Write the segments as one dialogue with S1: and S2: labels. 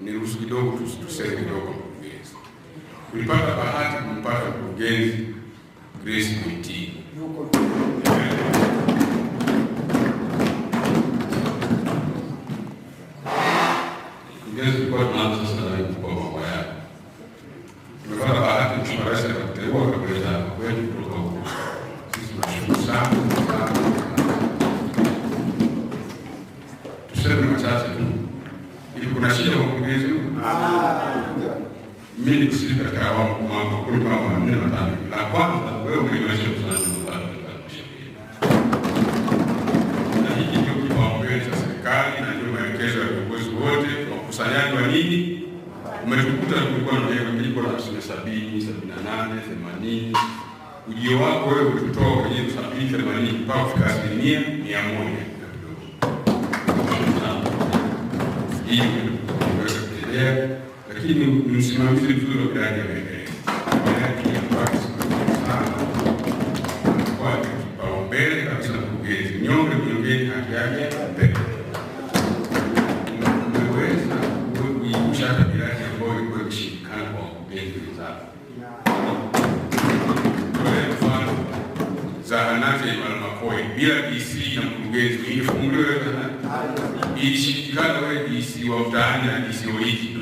S1: niruhusu kidogo tuseme kidogo mkurugenzi. Tulipata bahati kumpata mkurugenzi Grace Mwiti tuseme machache tu kuna shida kwa mkurugenzi ah,
S2: huyu?
S1: Mimi nikushiriki katika awamu mwaka kulipa awamu ya nne na tano. La kwanza wewe umeimarisha usalama wa Na hiki ndio kipaumbele cha serikali na ndio maelekezo ya viongozi wote kwa ukusanyaji wa nini? Umetukuta tulikuwa na miaka kilipo na asilimia sabini, sabini na nane, themanini. Ujio wako wewe ututoa kwenye sabini, themanini mpaka kufika asilimia mia moja. ili kuweza kuendelea, lakini msimamizi mzuri wa miradi ya maendeleo. kipaumbele kabisa mkurugenzi. Mnyonge mnyongeni haki yake mbele, umeweza kuiusha hata miradi ambayo ilikuwa ikishindikana kwa wakurugenzi wenzako. zahanati ya Makoe bila DC na mkurugenzi ilifunguliwe ishikana wewe DC wa mtaani na DC hiki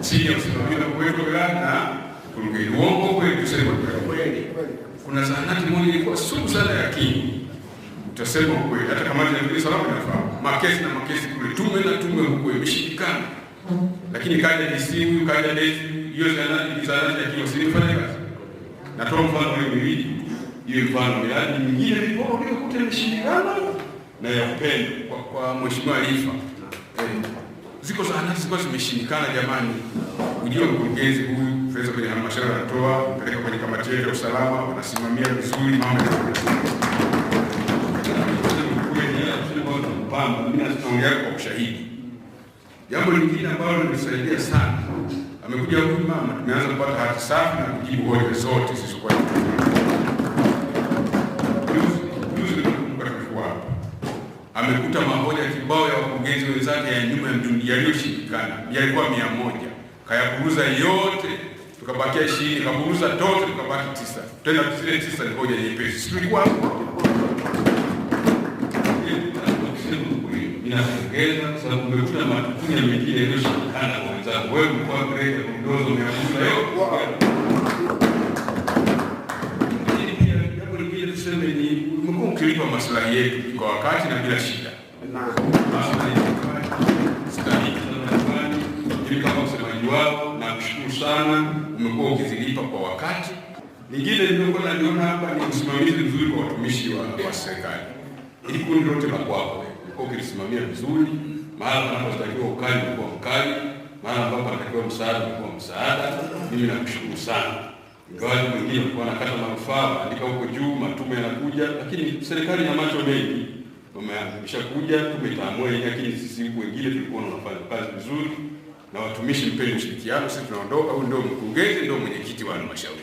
S1: chini ya usimamizi wa kuwepo na mkurugenzi uongo kweli, tuseme kweli, kuna zahanati moja ilikuwa sugu sana ya kingi, utasema kweli, hata kama ni salama inafahamu makesi na makesi kule tume na tume huko imeshikana, lakini kaja DC huyu kaja DC hiyo zahanati ni zahanati ya kingi usifanye kazi Natoa mfano hiyo miwili hiyo mfano miradi yaani, mingine mikubwa uliokuta imeshindikana na ya upendo kwa, kwa mheshimiwa Alifa eh, ziko zahanati zilikuwa zimeshindikana. Jamani, ujio mkurugenzi huyu fedha kwenye halmashauri anatoa peleka kwenye kamati yetu ya usalama, wanasimamia vizuri mambo ya Mimi naongea kwa ushahidi. Jambo lingine ambalo limenisaidia sana amekuja huyu mama, tumeanza kupata hati safi na kujibu hoja zote zilizokuwa amekuta mahoja kibao ya wakurugenzi wenzake ya nyuma yaliyoshindikana, yalikuwa mia moja, kayapuruza yote, tukabakia ishirini, kaburuza tote, tukabaki tisa. Tena zile tisa ni hoja nyepesi, tulikuwa hapo ninapongeza kwa sababu umekuta matukunya mengine yaliyoshindikana kwa wenzangu. Wewe mkoa grade Bulldozer umeamsha leo. jambo lingine tuseme ni umekuwa ukilipa maslahi yetu kwa wakati na bila shida. Ili kama msemaji wao, nakushukuru sana, umekuwa ukizilipa kwa wakati. Lingine nilikuwa naliona hapa ni usimamizi mzuri kwa watumishi wa serikali. Ili kundi lote la kwako ukilisimamia vizuri, mara panapotakiwa ukali unakuwa mkali, mahala ambapo anatakiwa msaada unakuwa msaada. Mimi nakushukuru sana, ingawaji mwingine alikuwa anakata manufaa andika huko juu, matume yanakuja, lakini serikali ina macho mengi tumetamua yenyewe, lakini sisi huku wengine tulikuwa tunafanya kazi vizuri na watumishi, mpeni ushirikiano. Sisi tunaondoka, huyu ndio mkurugenzi, ndio mwenyekiti wa halmashauri,